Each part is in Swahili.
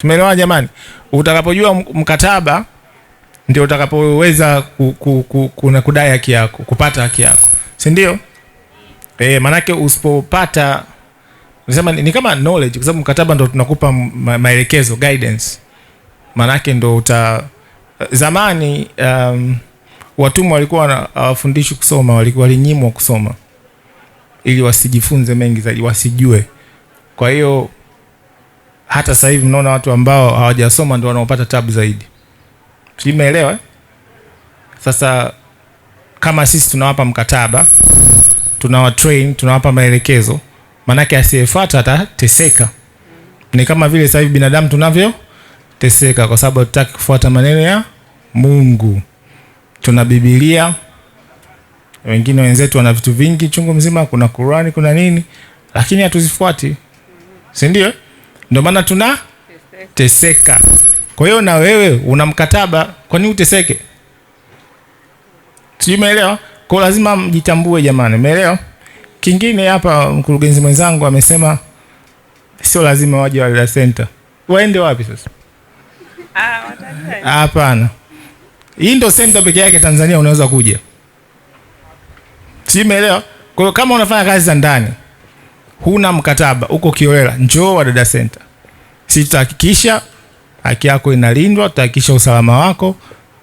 Tumeelewana jamani? Utakapojua mkataba ndio utakapoweza ku, ku, ku, kuna kudai haki yako, kupata haki yako, si ndio? Eh, maanake usipopata nasema ni, ni kama knowledge, kwa sababu mkataba ndio tunakupa ma, maelekezo guidance, maanake ndio uta zamani um, watumwa walikuwa hawafundishwi kusoma, kusoma, walinyimwa kusoma ili wasijifunze mengi zaidi, wasijue. Kwa hiyo hata sasa hivi mnaona watu ambao hawajasoma ndio wanaopata tabu zaidi. Tumeelewa eh? Sasa kama sisi tunawapa mkataba, tunawa train, tunawapa maelekezo, maanake asiyefuata atateseka. Ni kama vile sasa hivi binadamu tunavyoteseka, kwa sababu hatutaki kufuata maneno ya Mungu. Tuna Biblia, wengine wenzetu wana vitu vingi chungu mzima, kuna Qurani, kuna nini, lakini hatuzifuati, si ndio? Eh? ndio maana tuna teseka. Kwa hiyo na wewe una mkataba, kwa nini uteseke? Sijui, umeelewa? Kwa lazima mjitambue jamani, umeelewa? Kingine hapa mkurugenzi mwenzangu amesema sio lazima waje Wadada Center. Waende wapi sasa? Ah, hapana. Hii ndio center pekee yake Tanzania unaweza kuja. Sijui, umeelewa? Kwa hiyo kama unafanya kazi za ndani huna mkataba, uko kiolela, njoo Wadada Center. Sisi tutahakikisha haki yako inalindwa, tutahakikisha usalama wako,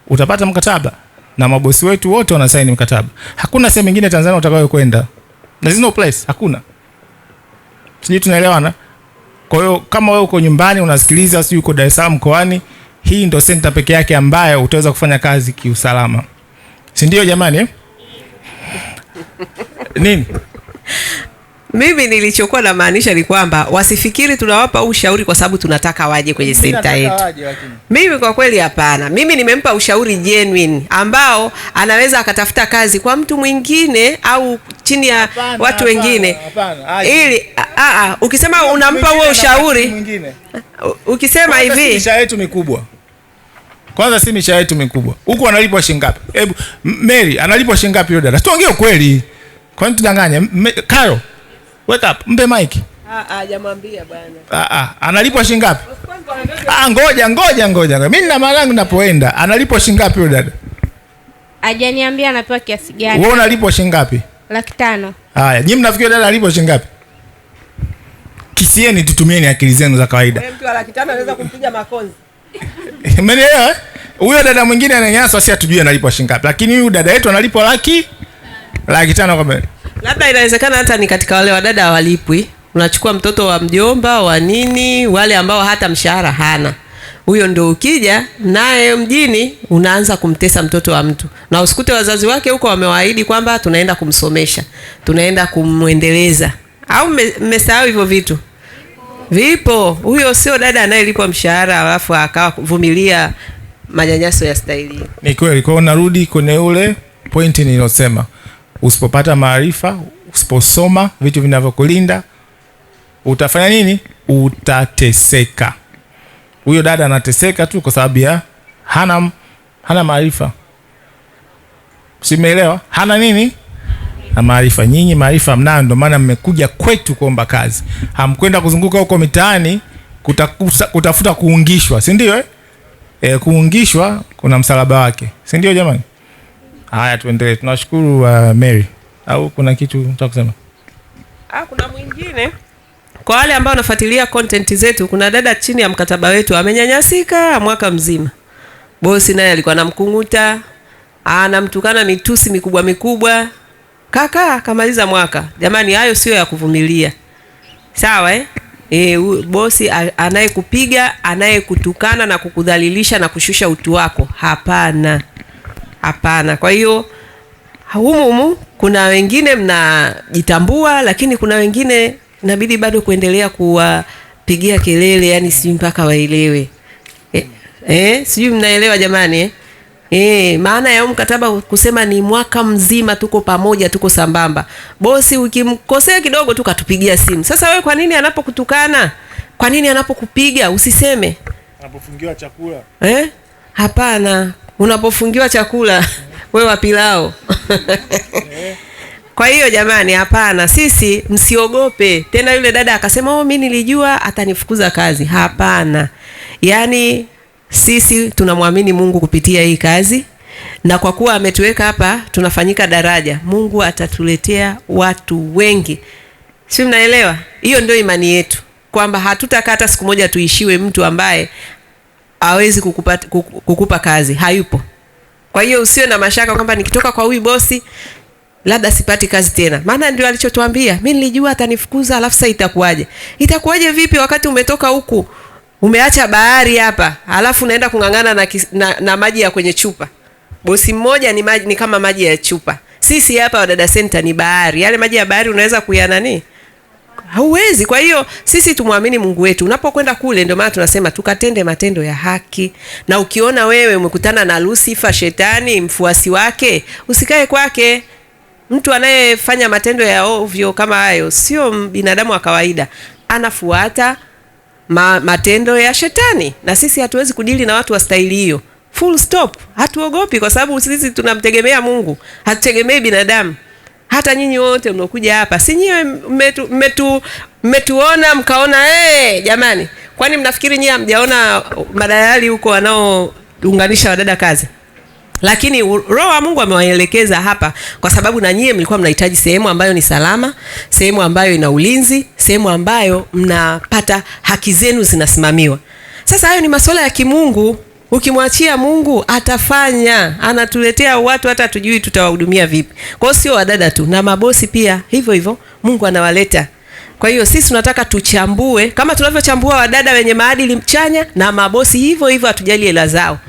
utapata mkataba na mabosi wetu wote wanasaini mkataba. Hakuna sehemu nyingine Tanzania utakayokwenda, there's no place, hakuna. Sisi tunaelewana? Kwa hiyo kama wewe uko nyumbani unasikiliza, sio uko Dar es Salaam mkoani, hii ndo center peke yake ambayo utaweza kufanya kazi kiusalama, si ndio jamani? Eh? nini mimi nilichokuwa na maanisha ni kwamba wasifikiri tunawapa ushauri kwa sababu tunataka waje kwenye senta yetu. Mimi kwa kweli hapana. Mimi nimempa ushauri genuine ambao anaweza akatafuta kazi kwa mtu mwingine au chini ya apana, watu wengine ili ukisema apana, unampa huo ushauri ukisema hivi misha yetu mikubwa kwanza, si misha yetu mikubwa huku analipwa shingapi? Hebu Mary analipwa ngapi? Yule dada tuongee ukweli, kwani tudanganye Karo Weka hapo, mpe mic. Ah, ah, ah, analipwa shilingi ngapi? Ngoja ngoja ngoja, mimi nina maana yangu napoenda. Analipwa shilingi ngapi huyo dada? Hajaniambia anapewa kiasi gani. Wewe unalipwa shilingi ngapi? Laki tano. Haya, nyinyi mnafikiri dada alipwa shilingi ngapi? Kisieni, tutumieni akili zenu za kawaida. Mtu wa laki tano anaweza kumpiga makonzi. Mmenielewa? Eh? Huyo dada mwingine ananyaswa, si hatujui analipwa shilingi ngapi, lakini huyu dada yetu analipwa laki laki tano kwa mbele labda inawezekana hata ni katika wale wadada hawalipwi, unachukua mtoto wa mjomba wa nini, wale ambao hata mshahara hana huyo ndio ukija naye mjini unaanza kumtesa mtoto wa mtu, na usikute wazazi wake huko wamewaahidi kwamba tunaenda kumsomesha, tunaenda kumwendeleza. Au mmesahau hivyo vitu vipo? Huyo sio dada anayelipwa mshahara alafu akawa kuvumilia manyanyaso ya staili. Ni kweli kwao. Narudi kwenye ule pointi nilosema, Usipopata maarifa, usiposoma vitu vinavyokulinda utafanya nini? Utateseka. Huyo dada anateseka tu kwa sababu ya hana hana maarifa, simeelewa. Hana nini na maarifa. Nyinyi maarifa mnayo, ndio maana mmekuja kwetu kuomba kazi, hamkwenda kuzunguka huko mitaani kutakusa, kutafuta kuungishwa, si ndio eh? E, kuungishwa kuna msalaba wake, si ndio jamani? Haya, tuendelee. Tunashukuru uh, Mary, au kuna kitu cha kusema? Ah, kuna mwingine kwa wale ambao wanafuatilia content zetu, kuna dada chini ya mkataba wetu amenyanyasika mwaka mzima, bosi naye alikuwa anamkunguta, anamtukana mitusi mikubwa mikubwa, kaka akamaliza mwaka. Jamani, hayo sio ya kuvumilia, sawa eh? E, bosi anayekupiga anayekutukana na kukudhalilisha na kushusha utu wako, hapana. Hapana. Kwa hiyo humuhumu kuna wengine mnajitambua, lakini kuna wengine inabidi bado kuendelea kuwapigia kelele, yani si mpaka waelewe. Eh, eh, sijui mnaelewa jamani eh? E, maana ya mkataba kusema ni mwaka mzima tuko pamoja, tuko sambamba. Bosi ukimkosea kidogo tu katupigia simu. Sasa wewe kwa nini anapokutukana? Kwa nini anapokupiga usiseme? Anapofungiwa chakula. Eh? Hapana unapofungiwa chakula we wa pilao. Kwa hiyo jamani, hapana, sisi msiogope tena. Yule dada akasema oh, mimi nilijua atanifukuza kazi. Hapana, yaani sisi tunamwamini Mungu kupitia hii kazi, na kwa kuwa ametuweka hapa, tunafanyika daraja. Mungu atatuletea watu wengi, si mnaelewa? Hiyo ndio imani yetu kwamba hatutakata siku moja tuishiwe mtu ambaye hawezi kukupa, kukupa kazi, hayupo. Kwa hiyo usiwe na mashaka kwamba nikitoka kwa huyu bosi labda sipati kazi tena, maana ndio alichotuambia. Mi nilijua atanifukuza, alafu sasa itakuwaje? Itakuwaje vipi wakati umetoka huku umeacha bahari hapa, alafu unaenda kung'ang'ana na, na, na maji ya kwenye chupa. Bosi mmoja ni maji, ni kama maji ya chupa. Sisi hapa Wadada Center ni bahari, yale maji ya bahari unaweza kuyanani Hauwezi. Kwa hiyo sisi tumwamini Mungu wetu. Unapokwenda kule, ndio maana tunasema tukatende matendo ya haki, na ukiona wewe umekutana na Lucifer, shetani mfuasi wake, usikae kwake. Mtu anayefanya matendo ya ovyo kama hayo sio binadamu wa kawaida, anafuata ma matendo ya shetani, na sisi hatuwezi kudili na watu wa staili hiyo. Full stop. Hatuogopi kwa sababu sisi tunamtegemea Mungu, hatutegemei binadamu hata nyinyi wote mnaokuja hapa si nyiwe mmetu, metu, mmetuona mkaona hey, eh, jamani, kwani mnafikiri nyie mjaona madalali huko wanaounganisha wadada kazi? Lakini Roho wa Mungu amewaelekeza hapa, kwa sababu na nyie mlikuwa mnahitaji sehemu ambayo ni salama, sehemu ambayo ina ulinzi, sehemu ambayo mnapata haki zenu zinasimamiwa. Sasa hayo ni masuala ya kimungu. Ukimwachia Mungu atafanya, anatuletea watu hata tujui tutawahudumia vipi. Kwa hiyo sio wadada tu, na mabosi pia hivyo hivyo, Mungu anawaleta. Kwa hiyo sisi tunataka tuchambue, kama tunavyochambua wadada wenye maadili chanya na mabosi hivyo hivyo, hatujali hela zao.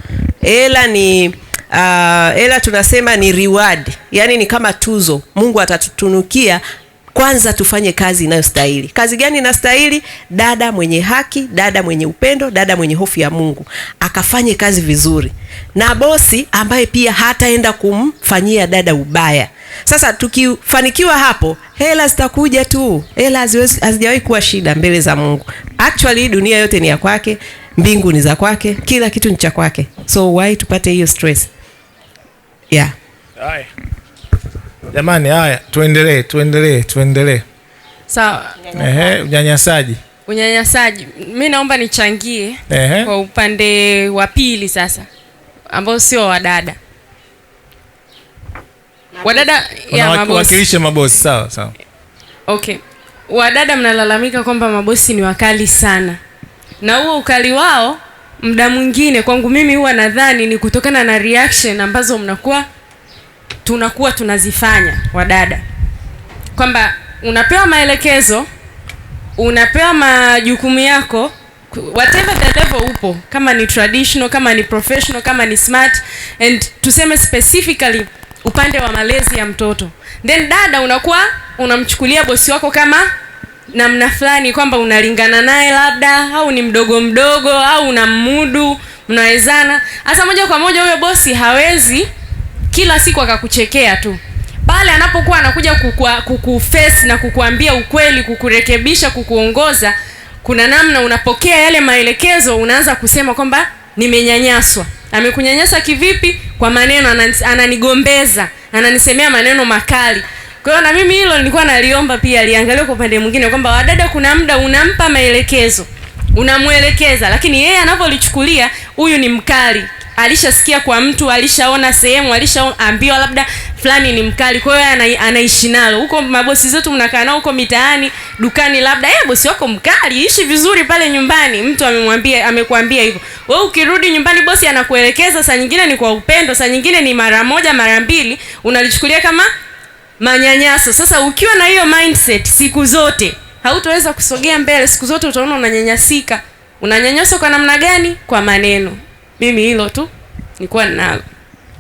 Hela ni ah, hela uh, tunasema ni reward, yani ni kama tuzo Mungu atatutunukia kwanza tufanye kazi inayostahili. Kazi gani inastahili? Dada mwenye haki, dada mwenye upendo, dada mwenye hofu ya Mungu akafanye kazi vizuri, na bosi ambaye pia hataenda kumfanyia dada ubaya. Sasa tukifanikiwa hapo, hela zitakuja tu. Hela hazijawahi kuwa shida mbele za Mungu. Actually, dunia yote ni ya kwake, mbingu ni za kwake, kila kitu ni cha kwake, so why tupate hiyo stress? Yeah. Aye. Jamani, haya tuendelee, tuendelee, tuendelee. Sawa. Ehe, unyanyasaji unyanyasaji, mi naomba nichangie Ehe. kwa upande wa pili sasa, ambao sio wadada wadada ya mabosi. Mabosi sawa sawa, okay. Wadada mnalalamika kwamba mabosi ni wakali sana, na huo ukali wao muda mwingine kwangu mimi huwa nadhani ni kutokana na reaction ambazo mnakuwa tunakuwa tunazifanya wadada, kwamba unapewa maelekezo, unapewa majukumu yako whatever the level upo, kama ni traditional, kama ni professional, kama ni smart and tuseme specifically upande wa malezi ya mtoto, then dada unakuwa unamchukulia bosi wako kama namna fulani kwamba unalingana naye labda, au ni mdogo mdogo, au unammudu, mnawezana. Hasa moja kwa moja huyo bosi hawezi kila siku akakuchekea tu pale anapokuwa anakuja kukua, kukuface na kukuambia ukweli, kukurekebisha, kukuongoza, kuna namna unapokea yale maelekezo, unaanza kusema kwamba nimenyanyaswa. Amekunyanyasa kivipi? Kwa maneno, ananigombeza, ananisemea maneno makali. Kwa hiyo na mimi hilo nilikuwa naliomba pia aliangalia kwa upande mwingine kwamba wadada, kuna muda unampa maelekezo, unamwelekeza, lakini yeye anavyolichukulia, huyu ni mkali, alishasikia kwa mtu, alishaona sehemu, alishaambiwa labda fulani ni mkali, kwa hiyo anaishi nalo huko. Mabosi zetu mnakaa nao huko mitaani, dukani, labda eh, bosi wako mkali, ishi vizuri pale nyumbani. Mtu amemwambia amekwambia hivyo, wewe ukirudi nyumbani, bosi anakuelekeza. Saa nyingine ni kwa upendo, saa nyingine ni mara moja, mara mbili, unalichukulia kama manyanyaso. Sasa ukiwa na hiyo mindset siku zote hautaweza kusogea mbele, siku zote utaona unanyanyasika. Unanyanyaswa kwa namna gani? Kwa maneno. Mimi hilo tu nilikuwa ninalo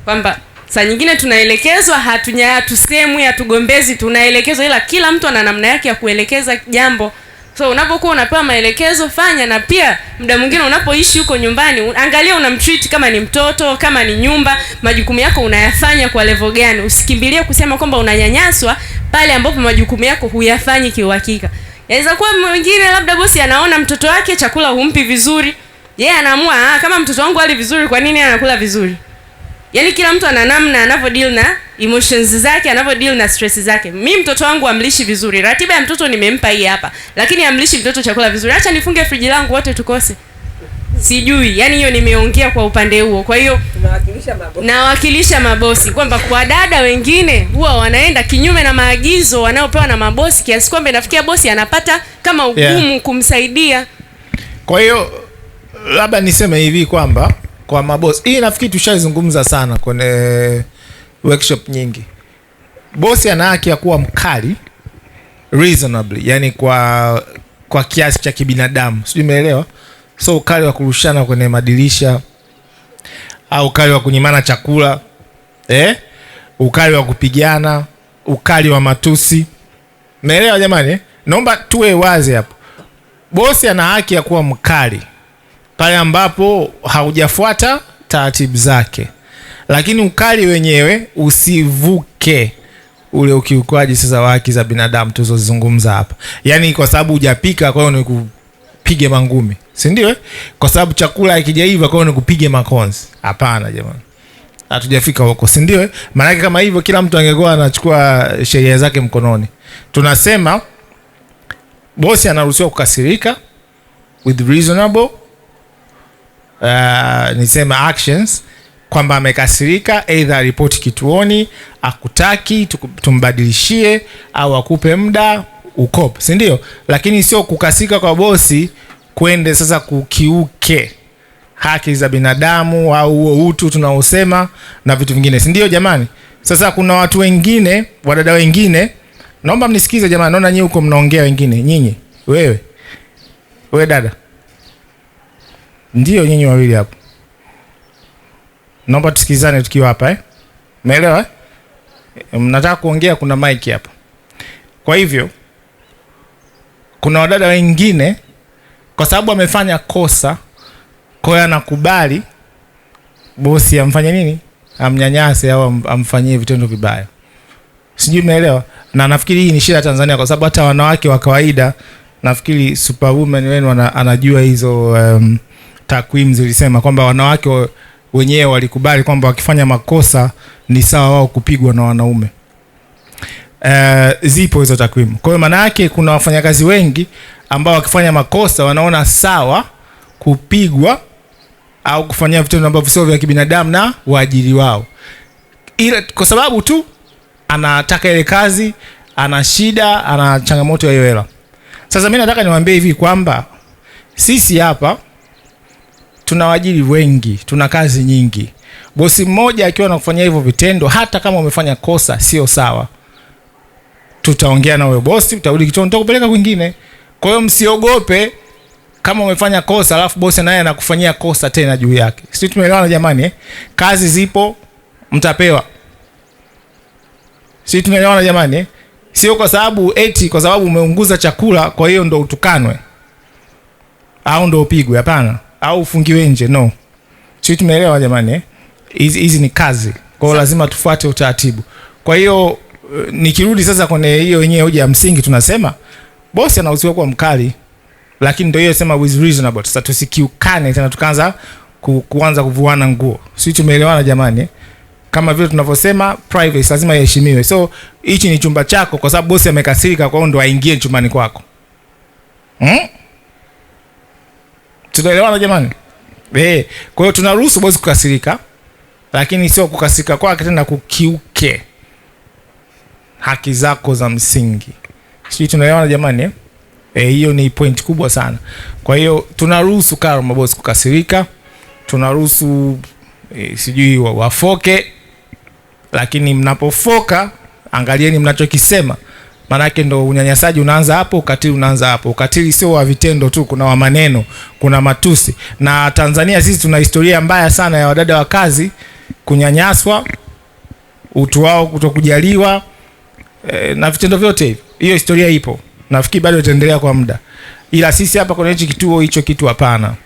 kwamba saa nyingine tunaelekezwa, hatunya hatusemwi, hatugombezi, tunaelekezwa, ila kila mtu ana namna yake ya kuelekeza jambo. So unapokuwa unapewa maelekezo fanya, na pia muda mwingine unapoishi huko nyumbani, angalia unamtreat kama ni mtoto, kama ni nyumba, majukumu yako unayafanya kwa levo gani. Usikimbilie kusema kwamba unanyanyaswa pale ambapo majukumu yako huyafanyi kiuhakika. Yaweza kuwa mwingine labda bosi anaona mtoto wake chakula humpi vizuri yeye yeah, anaamua ah, kama mtoto wangu ali vizuri, kwa nini anakula vizuri? Yaani kila mtu ana namna anavyo deal na emotions zake, anavyo deal na stress zake. Mi mtoto wangu amlishi vizuri, ratiba ya mtoto nimempa hii hapa, lakini amlishi mtoto chakula vizuri. Acha nifunge friji langu wote tukose, sijui. Yaani hiyo nimeongea kwa upande huo, kwa hiyo nawakilisha mabosi kwamba kwa dada wengine huwa wanaenda kinyume na maagizo wanayopewa na mabosi, kiasi kwamba inafikia bosi anapata kama ugumu yeah, kumsaidia kwa hiyo labda niseme hivi kwamba kwa mabosi, hii nafikiri tushaizungumza sana kwenye workshop nyingi. Bosi ana haki ya kuwa mkali reasonably, yani kwa kwa kiasi cha kibinadamu, sijui umeelewa. So ukali wa kurushana kwenye madirisha au ukali wa kunyimana chakula eh? ukali wa kupigana, ukali wa matusi, umeelewa jamani eh? Naomba tuwe wazi hapo, bosi ana haki ya kuwa mkali pale ambapo haujafuata taratibu zake, lakini ukali wenyewe usivuke ule ukiukwaji sasa wa haki za binadamu tuzozizungumza hapa, yaani kwa sababu hujapika, kwa hiyo ni nikupige mangumi, si ndio? Eh? Kwa sababu chakula hakijaiva, kwa hiyo ni nikupige makonzi. Hapana jamani, hatujafika huko, si ndio? Eh? Maanake kama hivyo, kila mtu angekuwa anachukua eh, sheria zake mkononi. Tunasema bosi anaruhusiwa kukasirika with reasonable uh, niseme actions kwamba amekasirika, aidha aripoti kituoni, akutaki tumbadilishie, au akupe muda ukop si ndio? Lakini sio kukasika kwa bosi kwende sasa kukiuke haki za binadamu au huo utu tunaosema na vitu vingine, si ndio? Jamani, sasa kuna watu wengine, wadada wengine, naomba mnisikize jamani, naona nyinyi huko mnaongea wengine, nyinyi, wewe wewe dada ndio nyinyi wawili hapo, naomba tusikizane tukiwa hapa eh? Umeelewa eh? Mnataka kuongea, kuna mic hapa. Kwa hivyo kuna wadada wengine, kwa sababu amefanya kosa, kwa hiyo anakubali bosi amfanye nini, amnyanyase au amfanyie vitendo vibaya, sijui umeelewa. Na nafikiri hii ni shida ya Tanzania, kwa sababu hata wanawake wa kawaida nafikiri superwoman wenu anajua hizo um, takwimu zilisema kwamba wanawake wenyewe walikubali kwamba wakifanya makosa ni sawa wao kupigwa na wanaume. Uh, zipo hizo takwimu. Kwa hiyo maana yake kuna wafanyakazi wengi ambao wakifanya makosa wanaona sawa kupigwa au kufanyia vitendo ambavyo sio vya kibinadamu na waajiri wao, ila kwa sababu tu anataka ile kazi, ana shida, ana changamoto ya hiyo hela. Sasa mimi nataka niwaambie hivi kwamba sisi hapa tuna waajiri wengi, tuna kazi nyingi. Bosi mmoja akiwa anakufanyia hivyo vitendo, hata kama umefanya kosa, sio sawa. Tutaongea na huyo bosi, utarudi kituo, nitakupeleka kwingine. Kwa hiyo msiogope kama umefanya kosa alafu bosi naye anakufanyia kosa tena juu yake. Sisi tumeelewana jamani eh? Kazi zipo mtapewa. Sisi tumeelewana jamani eh? Sio kwa sababu eti kwa sababu umeunguza chakula kwa hiyo ndo utukanwe au ndo upigwe, hapana au ufungiwe nje no. si tumeelewa jamani, eh? hizi hizi ni kazi, kwa hiyo lazima tufuate utaratibu. Kwa hiyo eh, nikirudi sasa kwenye hiyo yenyewe hoja ya msingi, tunasema bosi anahusiwa kuwa mkali, lakini ndio hiyo sema with reasonable. Sasa tusikiukane tena tukaanza ku, kuanza kuvuana nguo, si tumeelewana jamani? Eh? Kama vile tunavyosema privacy lazima iheshimiwe. So hichi ni chumba chako, kwa sababu bosi amekasirika, kwa hiyo ndo aingie chumbani kwako hmm? tunaelewana jamani? Eh, kwa hiyo tunaruhusu bosi kukasirika, lakini sio kukasirika kwake tena kukiuke haki zako za msingi. Sisi tunaelewana jamani eh? eh? hiyo ni point kubwa sana. Kwa hiyo tunaruhusu karma bosi kukasirika, tunaruhusu e, sijui wafoke, lakini mnapofoka angalieni mnachokisema. Maanake ndo unyanyasaji unaanza hapo, ukatili unaanza hapo. Ukatili sio wa vitendo tu, kuna wa maneno, kuna matusi. Na Tanzania sisi tuna historia mbaya sana ya wadada wa kazi kunyanyaswa, utu wao kutokujaliwa, e, na vitendo vyote hivi. Hiyo historia ipo, nafikiri bado itaendelea kwa muda, ila sisi hapa kuna hichi kituo hicho kitu hapana.